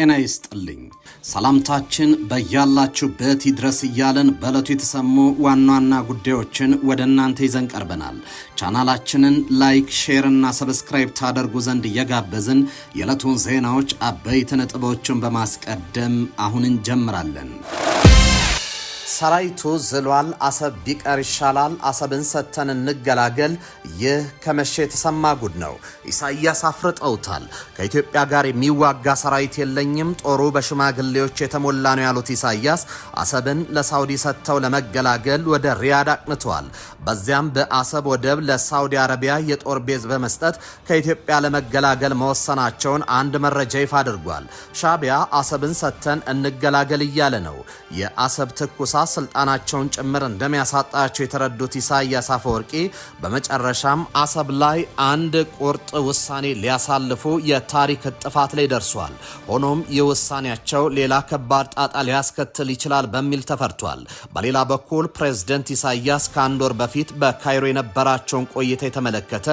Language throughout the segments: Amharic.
ጤና ይስጥልኝ። ሰላምታችን በያላችሁበት ይድረስ እያለን በዕለቱ የተሰሙ ዋና ዋና ጉዳዮችን ወደ እናንተ ይዘን ቀርበናል። ቻናላችንን ላይክ፣ ሼር እና ሰብስክራይብ ታደርጉ ዘንድ እየጋበዝን የዕለቱን ዜናዎች አበይት ነጥቦችን በማስቀደም አሁን እንጀምራለን። ሰራዊቱ ዝሏል። አሰብ ቢቀር ይሻላል። አሰብን ሰጥተን እንገላገል። ይህ ከመሸ የተሰማ ጉድ ነው። ኢሳያስ አፍርጠውታል። ከኢትዮጵያ ጋር የሚዋጋ ሰራዊት የለኝም፣ ጦሩ በሽማግሌዎች የተሞላ ነው ያሉት ኢሳያስ አሰብን ለሳውዲ ሰጥተው ለመገላገል ወደ ሪያድ አቅንተዋል። በዚያም በአሰብ ወደብ ለሳውዲ አረቢያ የጦር ቤዝ በመስጠት ከኢትዮጵያ ለመገላገል መወሰናቸውን አንድ መረጃ ይፋ አድርጓል። ሻቢያ አሰብን ሰጥተን እንገላገል እያለ ነው። የአሰብ ትኩስ መነሳት ስልጣናቸውን ጭምር እንደሚያሳጣቸው የተረዱት ኢሳያስ አፈወርቂ በመጨረሻም አሰብ ላይ አንድ ቁርጥ ውሳኔ ሊያሳልፉ የታሪክ ጥፋት ላይ ደርሷል። ሆኖም ይህ ውሳኔያቸው ሌላ ከባድ ጣጣ ሊያስከትል ይችላል በሚል ተፈርቷል። በሌላ በኩል ፕሬዝደንት ኢሳያስ ከአንድ ወር በፊት በካይሮ የነበራቸውን ቆይታ የተመለከተ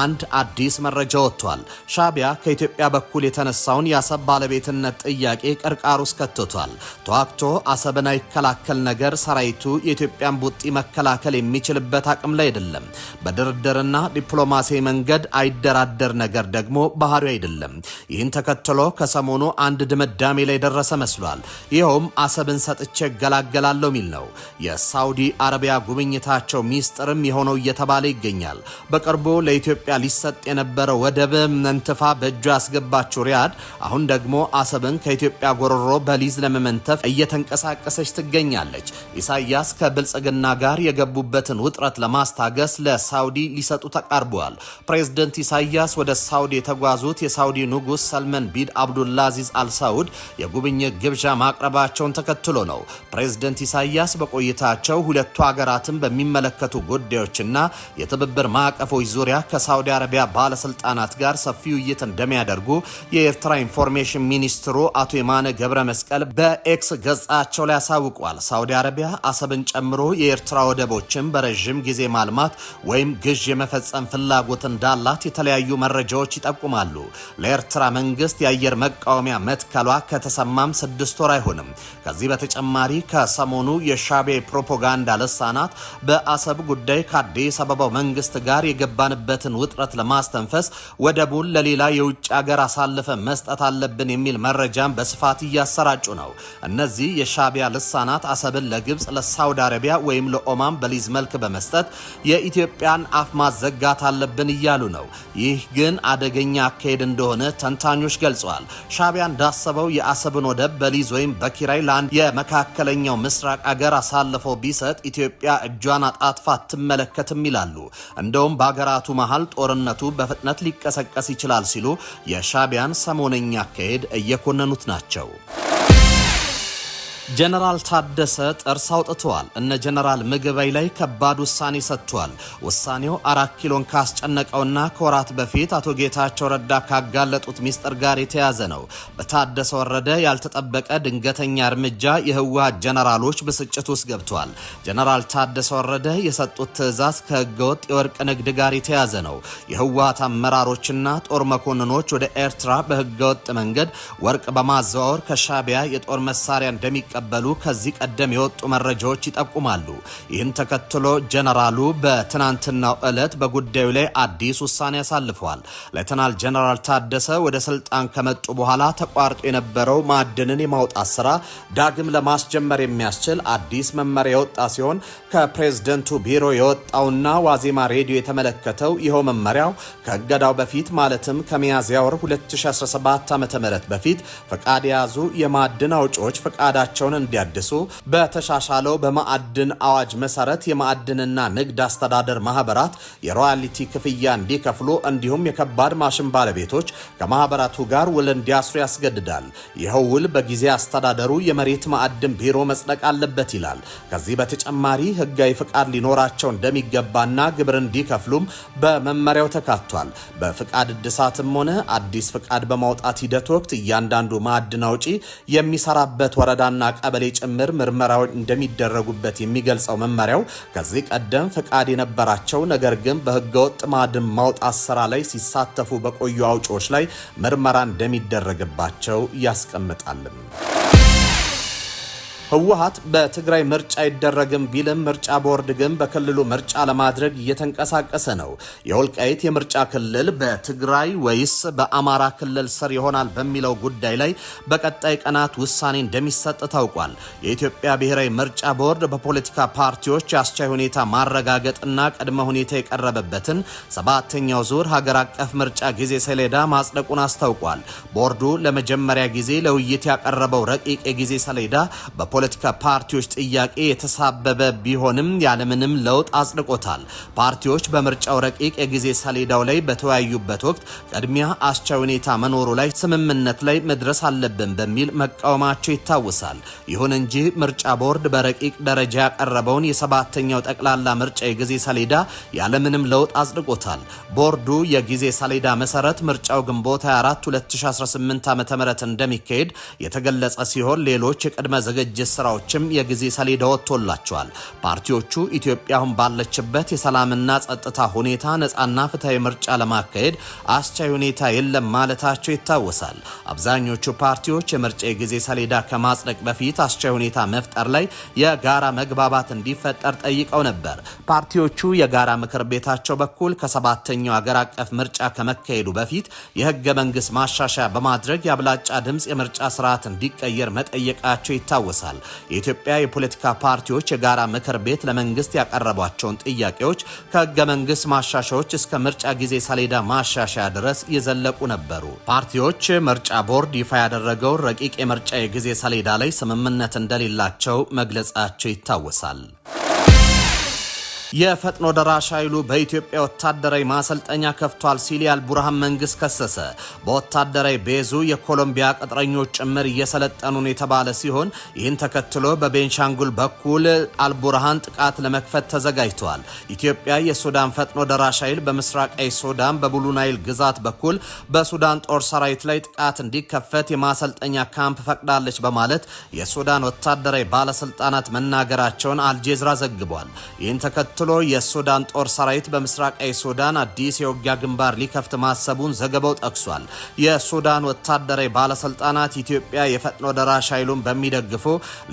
አንድ አዲስ መረጃ ወጥቷል። ሻቢያ ከኢትዮጵያ በኩል የተነሳውን የአሰብ ባለቤትነት ጥያቄ ቅርቃር ውስጥ ከትቷል። ተዋግቶ አሰብን አይከላከል ነገር ሰራዊቱ የኢትዮጵያን ቡጢ መከላከል የሚችልበት አቅም ላይ አይደለም። በድርድርና ዲፕሎማሲያዊ መንገድ አይደራደር ነገር ደግሞ ባህሪው አይደለም። ይህን ተከትሎ ከሰሞኑ አንድ ድምዳሜ ላይ ደረሰ መስሏል። ይኸውም አሰብን ሰጥቼ እገላገላለሁ ሚል ነው። የሳውዲ አረቢያ ጉብኝታቸው ሚስጥርም የሆነው እየተባለ ይገኛል። በቅርቡ ለኢትዮጵያ ሊሰጥ የነበረ ወደብ መንትፋ በእጇ ያስገባችው ሪያድ አሁን ደግሞ አሰብን ከኢትዮጵያ ጎሮሮ በሊዝ ለመመንተፍ እየተንቀሳቀሰች ትገኛል። ትገኛለች። ኢሳያስ ከብልጽግና ጋር የገቡበትን ውጥረት ለማስታገስ ለሳውዲ ሊሰጡ ተቃርበዋል። ፕሬዝደንት ኢሳያስ ወደ ሳውዲ የተጓዙት የሳውዲ ንጉሥ ሰልመን ቢን አብዱላዚዝ አልሳውድ የጉብኝት ግብዣ ማቅረባቸውን ተከትሎ ነው። ፕሬዝደንት ኢሳያስ በቆይታቸው ሁለቱ ሀገራትን በሚመለከቱ ጉዳዮችና የትብብር ማዕቀፎች ዙሪያ ከሳውዲ አረቢያ ባለስልጣናት ጋር ሰፊ ውይይት እንደሚያደርጉ የኤርትራ ኢንፎርሜሽን ሚኒስትሩ አቶ የማነ ገብረ መስቀል በኤክስ ገጻቸው ላይ አሳውቋል። ሳዑዲ አረቢያ አሰብን ጨምሮ የኤርትራ ወደቦችን በረዥም ጊዜ ማልማት ወይም ግዥ የመፈጸም ፍላጎት እንዳላት የተለያዩ መረጃዎች ይጠቁማሉ። ለኤርትራ መንግስት የአየር መቃወሚያ መትከሏ ከተሰማም ስድስት ወር አይሆንም። ከዚህ በተጨማሪ ከሰሞኑ የሻቤ ፕሮፓጋንዳ ልሳናት በአሰብ ጉዳይ ከአዲስ አበባው መንግስት ጋር የገባንበትን ውጥረት ለማስተንፈስ ወደቡን ለሌላ የውጭ ሀገር አሳልፈ መስጠት አለብን የሚል መረጃን በስፋት እያሰራጩ ነው። እነዚህ የሻቢያ ልሳናት አሰብ ሰብል ለግብፅ፣ ለሳውዲ አረቢያ ወይም ለኦማን በሊዝ መልክ በመስጠት የኢትዮጵያን አፍ ማዘጋት አለብን እያሉ ነው። ይህ ግን አደገኛ አካሄድ እንደሆነ ተንታኞች ገልጸዋል። ሻቢያ እንዳሰበው የአሰብን ወደብ በሊዝ ወይም በኪራይ ለአንድ የመካከለኛው ምስራቅ አገር አሳልፈው ቢሰጥ ኢትዮጵያ እጇን አጣጥፋ አትመለከትም ይላሉ። እንደውም በሀገራቱ መሀል ጦርነቱ በፍጥነት ሊቀሰቀስ ይችላል ሲሉ የሻቢያን ሰሞነኛ አካሄድ እየኮነኑት ናቸው። ጀነራል ታደሰ ጥርስ አውጥተዋል። እነ ጀነራል ምግበይ ላይ ከባድ ውሳኔ ሰጥቷል። ውሳኔው አራት ኪሎን ካስጨነቀውና ከወራት በፊት አቶ ጌታቸው ረዳ ካጋለጡት ሚስጥር ጋር የተያዘ ነው። በታደሰ ወረደ ያልተጠበቀ ድንገተኛ እርምጃ የህወሓት ጀነራሎች ብስጭት ውስጥ ገብቷል። ጀነራል ታደሰ ወረደ የሰጡት ትዕዛዝ ከህገወጥ የወርቅ ንግድ ጋር የተያዘ ነው። የህወሀት አመራሮችና ጦር መኮንኖች ወደ ኤርትራ በህገወጥ መንገድ ወርቅ በማዘዋወር ከሻቢያ የጦር መሳሪያ እንደሚቀ እንደተቀበሉ ከዚህ ቀደም የወጡ መረጃዎች ይጠቁማሉ። ይህን ተከትሎ ጀነራሉ በትናንትናው ዕለት በጉዳዩ ላይ አዲስ ውሳኔ አሳልፈዋል። ሌተናል ጀነራል ታደሰ ወደ ስልጣን ከመጡ በኋላ ተቋርጦ የነበረው ማዕድንን የማውጣት ስራ ዳግም ለማስጀመር የሚያስችል አዲስ መመሪያ የወጣ ሲሆን ከፕሬዝደንቱ ቢሮ የወጣውና ዋዜማ ሬዲዮ የተመለከተው ይኸው መመሪያው ከእገዳው በፊት ማለትም ከሚያዝያ ወር 2017 ም በፊት ፈቃድ የያዙ የማዕድን አውጪዎች ፈቃዳቸው አቅማቸውን እንዲያድሱ በተሻሻለው በማዕድን አዋጅ መሰረት የማዕድንና ንግድ አስተዳደር ማህበራት የሮያሊቲ ክፍያ እንዲከፍሉ እንዲሁም የከባድ ማሽን ባለቤቶች ከማህበራቱ ጋር ውል እንዲያስሩ ያስገድዳል። ይኸው ውል በጊዜ አስተዳደሩ የመሬት ማዕድን ቢሮ መጽደቅ አለበት ይላል። ከዚህ በተጨማሪ ህጋዊ ፍቃድ ሊኖራቸው እንደሚገባና ግብር እንዲከፍሉም በመመሪያው ተካቷል። በፍቃድ እድሳትም ሆነ አዲስ ፍቃድ በማውጣት ሂደት ወቅት እያንዳንዱ ማዕድን አውጪ የሚሰራበት ወረዳና ቀበሌ ጭምር ምርመራዎች እንደሚደረጉበት የሚገልጸው መመሪያው ከዚህ ቀደም ፈቃድ የነበራቸው ነገር ግን በህገወጥ ማዕድን ማውጣት ስራ ላይ ሲሳተፉ በቆዩ አውጪዎች ላይ ምርመራ እንደሚደረግባቸው ያስቀምጣልም። ህወሀት በትግራይ ምርጫ አይደረግም ቢልም ምርጫ ቦርድ ግን በክልሉ ምርጫ ለማድረግ እየተንቀሳቀሰ ነው። የወልቃይት የምርጫ ክልል በትግራይ ወይስ በአማራ ክልል ስር ይሆናል በሚለው ጉዳይ ላይ በቀጣይ ቀናት ውሳኔ እንደሚሰጥ ታውቋል። የኢትዮጵያ ብሔራዊ ምርጫ ቦርድ በፖለቲካ ፓርቲዎች የአስቻይ ሁኔታ ማረጋገጥና ቅድመ ሁኔታ የቀረበበትን ሰባተኛው ዙር ሀገር አቀፍ ምርጫ ጊዜ ሰሌዳ ማጽደቁን አስታውቋል። ቦርዱ ለመጀመሪያ ጊዜ ለውይይት ያቀረበው ረቂቅ የጊዜ ሰሌዳ የፖለቲካ ፓርቲዎች ጥያቄ የተሳበበ ቢሆንም ያለምንም ለውጥ አጽድቆታል። ፓርቲዎች በምርጫው ረቂቅ የጊዜ ሰሌዳው ላይ በተወያዩበት ወቅት ቅድሚያ አስቻይ ሁኔታ መኖሩ ላይ ስምምነት ላይ መድረስ አለብን በሚል መቃወማቸው ይታወሳል። ይሁን እንጂ ምርጫ ቦርድ በረቂቅ ደረጃ ያቀረበውን የሰባተኛው ጠቅላላ ምርጫ የጊዜ ሰሌዳ ያለምንም ለውጥ አጽድቆታል። ቦርዱ የጊዜ ሰሌዳ መሰረት ምርጫው ግንቦት 24 2018 ዓ ም እንደሚካሄድ የተገለጸ ሲሆን ሌሎች የቅድመ ዝግጅት የቤት ስራዎችም የጊዜ ሰሌዳ ወጥቶላቸዋል። ፓርቲዎቹ ኢትዮጵያን ባለችበት የሰላምና ጸጥታ ሁኔታ ነጻና ፍትሐዊ ምርጫ ለማካሄድ አስቻይ ሁኔታ የለም ማለታቸው ይታወሳል። አብዛኞቹ ፓርቲዎች የምርጫ የጊዜ ሰሌዳ ከማጽደቅ በፊት አስቻይ ሁኔታ መፍጠር ላይ የጋራ መግባባት እንዲፈጠር ጠይቀው ነበር። ፓርቲዎቹ የጋራ ምክር ቤታቸው በኩል ከሰባተኛው አገር አቀፍ ምርጫ ከመካሄዱ በፊት የህገ መንግስት ማሻሻያ በማድረግ የአብላጫ ድምፅ የምርጫ ስርዓት እንዲቀየር መጠየቃቸው ይታወሳል። የኢትዮጵያ የፖለቲካ ፓርቲዎች የጋራ ምክር ቤት ለመንግስት ያቀረቧቸውን ጥያቄዎች ከህገ መንግስት ማሻሻዎች እስከ ምርጫ ጊዜ ሰሌዳ ማሻሻያ ድረስ የዘለቁ ነበሩ። ፓርቲዎች ምርጫ ቦርድ ይፋ ያደረገው ረቂቅ የምርጫ የጊዜ ሰሌዳ ላይ ስምምነት እንደሌላቸው መግለጻቸው ይታወሳል። የፈጥኖ ደራሽ ኃይሉ በኢትዮጵያ ወታደራዊ ማሰልጠኛ ከፍቷል ሲል ያልቡርሃን መንግስት ከሰሰ። በወታደራዊ ቤዙ የኮሎምቢያ ቅጥረኞች ጭምር እየሰለጠኑ የተባለ ሲሆን ይህን ተከትሎ በቤንሻንጉል በኩል አልቡርሃን ጥቃት ለመክፈት ተዘጋጅተዋል። ኢትዮጵያ የሱዳን ፈጥኖ ደራሽ ኃይል በምስራቃዊ ሱዳን በቡሉ ናይል ግዛት በኩል በሱዳን ጦር ሰራዊት ላይ ጥቃት እንዲከፈት የማሰልጠኛ ካምፕ ፈቅዳለች በማለት የሱዳን ወታደራዊ ባለስልጣናት መናገራቸውን አልጄዝራ ዘግቧል። ይህን ተከትሎ ተከትሎ የሱዳን ጦር ሰራዊት በምስራቃዊ ሱዳን አዲስ የውጊያ ግንባር ሊከፍት ማሰቡን ዘገባው ጠቅሷል። የሱዳን ወታደራዊ ባለስልጣናት ኢትዮጵያ የፈጥኖ ደራሽ ኃይሉን በሚደግፉ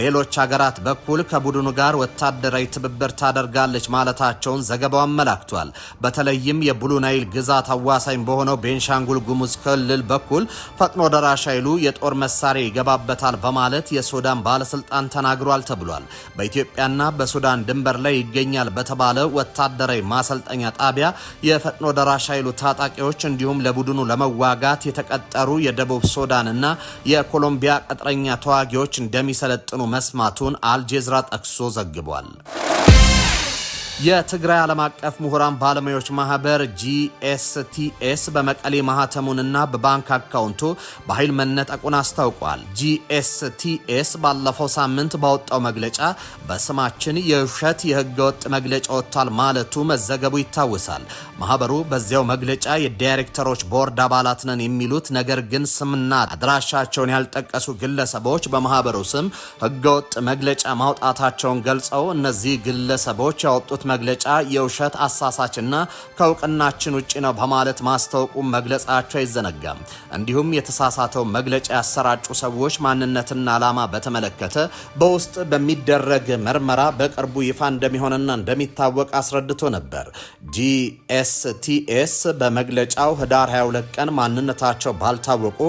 ሌሎች ሀገራት በኩል ከቡድኑ ጋር ወታደራዊ ትብብር ታደርጋለች ማለታቸውን ዘገባው አመላክቷል። በተለይም የቡሉ ናይል ግዛት አዋሳኝ በሆነው ቤንሻንጉል ጉሙዝ ክልል በኩል ፈጥኖ ደራሽ ኃይሉ የጦር መሳሪያ ይገባበታል በማለት የሱዳን ባለስልጣን ተናግሯል ተብሏል። በኢትዮጵያና በሱዳን ድንበር ላይ ይገኛል በተ በተባለ ወታደራዊ ማሰልጠኛ ጣቢያ የፈጥኖ ደራሽ ኃይሉ ታጣቂዎች እንዲሁም ለቡድኑ ለመዋጋት የተቀጠሩ የደቡብ ሱዳንና የኮሎምቢያ ቅጥረኛ ተዋጊዎች እንደሚሰለጥኑ መስማቱን አልጄዝራ ጠቅሶ ዘግቧል። የትግራይ ዓለም አቀፍ ምሁራን ባለሙያዎች ማህበር ጂኤስቲኤስ በመቀሌ ማህተሙንና በባንክ አካውንቱ በኃይል መነጠቁን አስታውቋል። ጂኤስቲኤስ ባለፈው ሳምንት ባወጣው መግለጫ በስማችን የውሸት የህገወጥ መግለጫ ወጥቷል ማለቱ መዘገቡ ይታወሳል። ማህበሩ በዚያው መግለጫ የዳይሬክተሮች ቦርድ አባላት ነን የሚሉት ነገር ግን ስምና አድራሻቸውን ያልጠቀሱ ግለሰቦች በማህበሩ ስም ህገወጥ መግለጫ ማውጣታቸውን ገልጸው እነዚህ ግለሰቦች ያወጡት መግለጫ የውሸት አሳሳችና ከእውቅናችን ውጭ ነው በማለት ማስታወቁ መግለጻቸው አይዘነጋም። እንዲሁም የተሳሳተው መግለጫ ያሰራጩ ሰዎች ማንነትና ዓላማ በተመለከተ በውስጥ በሚደረግ ምርመራ በቅርቡ ይፋ እንደሚሆንና እንደሚታወቅ አስረድቶ ነበር። ጂኤስቲኤስ በመግለጫው ህዳር 22 ቀን ማንነታቸው ባልታወቁ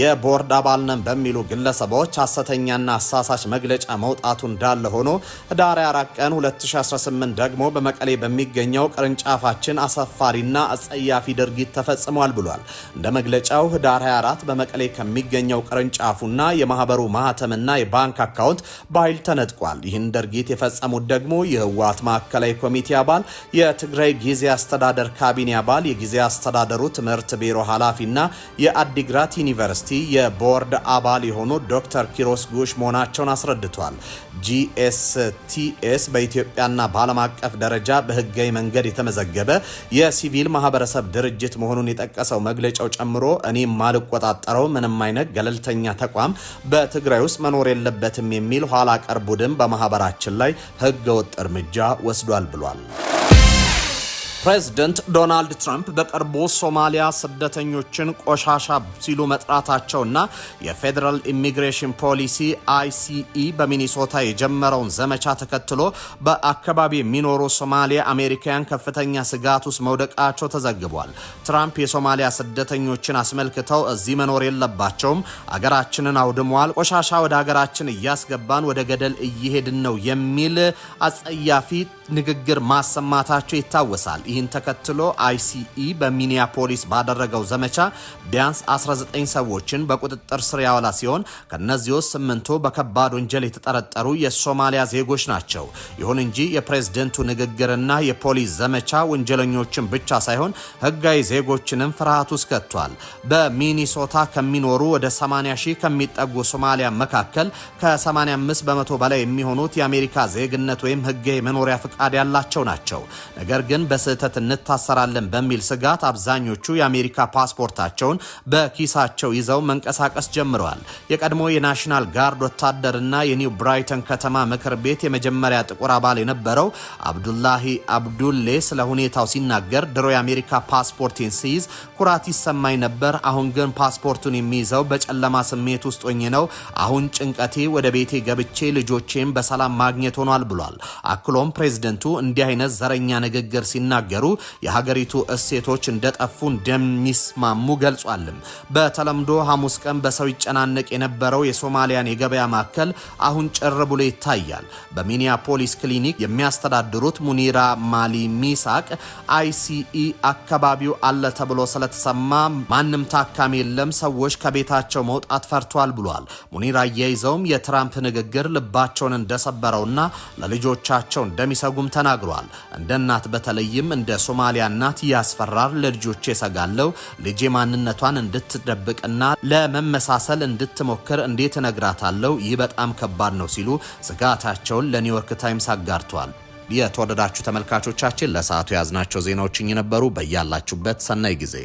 የቦርድ አባል ነን በሚሉ ግለሰቦች ሐሰተኛና አሳሳች መግለጫ መውጣቱ እንዳለ ሆኖ ህዳር 4 ቀን 2018 ደግሞ ደግሞ በመቀሌ በሚገኘው ቅርንጫፋችን አሳፋሪና አጸያፊ ድርጊት ተፈጽሟል ብሏል። እንደ መግለጫው ህዳር 24 በመቀሌ ከሚገኘው ቅርንጫፉና የማህበሩ ማህተምና የባንክ አካውንት በኃይል ተነጥቋል። ይህን ድርጊት የፈጸሙት ደግሞ የህወሓት ማዕከላዊ ኮሚቴ አባል፣ የትግራይ ጊዜ አስተዳደር ካቢኔ አባል፣ የጊዜ አስተዳደሩ ትምህርት ቢሮ ኃላፊና የአዲግራት ዩኒቨርሲቲ የቦርድ አባል የሆኑ ዶክተር ኪሮስ ጉሽ መሆናቸውን አስረድቷል። ጂኤስቲኤስ በኢትዮጵያና በዓለም አቀፍ አቀፍ ደረጃ በህጋዊ መንገድ የተመዘገበ የሲቪል ማህበረሰብ ድርጅት መሆኑን የጠቀሰው መግለጫው ጨምሮ እኔ ማልቆጣጠረው ምንም አይነት ገለልተኛ ተቋም በትግራይ ውስጥ መኖር የለበትም የሚል ኋላ ቀር ቡድን በማህበራችን ላይ ህገወጥ እርምጃ ወስዷል ብሏል። ፕሬዝደንት ዶናልድ ትራምፕ በቅርቡ ሶማሊያ ስደተኞችን ቆሻሻ ሲሉ መጥራታቸውና የፌዴራል ኢሚግሬሽን ፖሊሲ አይሲኢ በሚኒሶታ የጀመረውን ዘመቻ ተከትሎ በአካባቢ የሚኖሩ ሶማሊያ አሜሪካውያን ከፍተኛ ስጋት ውስጥ መውደቃቸው ተዘግቧል። ትራምፕ የሶማሊያ ስደተኞችን አስመልክተው እዚህ መኖር የለባቸውም፣ አገራችንን አውድመዋል፣ ቆሻሻ ወደ አገራችን እያስገባን ወደ ገደል እየሄድን ነው የሚል አጸያፊ ንግግር ማሰማታቸው ይታወሳል። ይህን ተከትሎ አይሲኢ በሚኒያፖሊስ ባደረገው ዘመቻ ቢያንስ 19 ሰዎችን በቁጥጥር ስር ያዋላ ሲሆን ከእነዚህ ውስጥ ስምንቱ በከባድ ወንጀል የተጠረጠሩ የሶማሊያ ዜጎች ናቸው። ይሁን እንጂ የፕሬዝደንቱ ንግግርና የፖሊስ ዘመቻ ወንጀለኞችን ብቻ ሳይሆን ህጋዊ ዜጎችንም ፍርሃት ውስጥ ከቷል። በሚኒሶታ ከሚኖሩ ወደ 80 ሺህ ከሚጠጉ ሶማሊያ መካከል ከ85 በመቶ በላይ የሚሆኑት የአሜሪካ ዜግነት ወይም ህጋዊ መኖሪያ ፍቃድ ፈቃድ ያላቸው ናቸው። ነገር ግን በስህተት እንታሰራለን በሚል ስጋት አብዛኞቹ የአሜሪካ ፓስፖርታቸውን በኪሳቸው ይዘው መንቀሳቀስ ጀምረዋል። የቀድሞ የናሽናል ጋርድ ወታደርና የኒው ብራይተን ከተማ ምክር ቤት የመጀመሪያ ጥቁር አባል የነበረው አብዱላሂ አብዱሌ ስለ ሁኔታው ሲናገር ድሮ የአሜሪካ ፓስፖርቴን ሲይዝ ኩራት ይሰማኝ ነበር። አሁን ግን ፓስፖርቱን የሚይዘው በጨለማ ስሜት ውስጥ ሆኜ ነው። አሁን ጭንቀቴ ወደ ቤቴ ገብቼ ልጆቼን በሰላም ማግኘት ሆኗል ብሏል። አክሎም ፕሬዚዳንት ፕሬዝደንቱ እንዲህ አይነት ዘረኛ ንግግር ሲናገሩ የሀገሪቱ እሴቶች እንደጠፉ እንደሚስማሙ ገልጿልም። በተለምዶ ሐሙስ ቀን በሰው ይጨናነቅ የነበረው የሶማሊያን የገበያ ማዕከል አሁን ጭር ብሎ ይታያል። በሚኒያፖሊስ ክሊኒክ የሚያስተዳድሩት ሙኒራ ማሊ ሚሳቅ አይሲኢ አካባቢው አለ ተብሎ ስለተሰማ ማንም ታካሚ የለም፣ ሰዎች ከቤታቸው መውጣት ፈርቷል ብሏል። ሙኒራ አያይዘውም የትራምፕ ንግግር ልባቸውን እንደሰበረውና ለልጆቻቸው እንደሚሰ እንደሚተረጉም ተናግሯል። እንደ እናት በተለይም እንደ ሶማሊያ እናት ያስፈራር፣ ለልጆች የሰጋለው ልጄ ማንነቷን እንድትደብቅና ለመመሳሰል እንድትሞክር እንዴት እነግራታለሁ? ይህ በጣም ከባድ ነው ሲሉ ስጋታቸውን ለኒውዮርክ ታይምስ አጋርቷል። የተወደዳችሁ ተመልካቾቻችን ለሰዓቱ የያዝናቸው ዜናዎችን ነበሩ። በያላችሁበት ሰናይ ጊዜ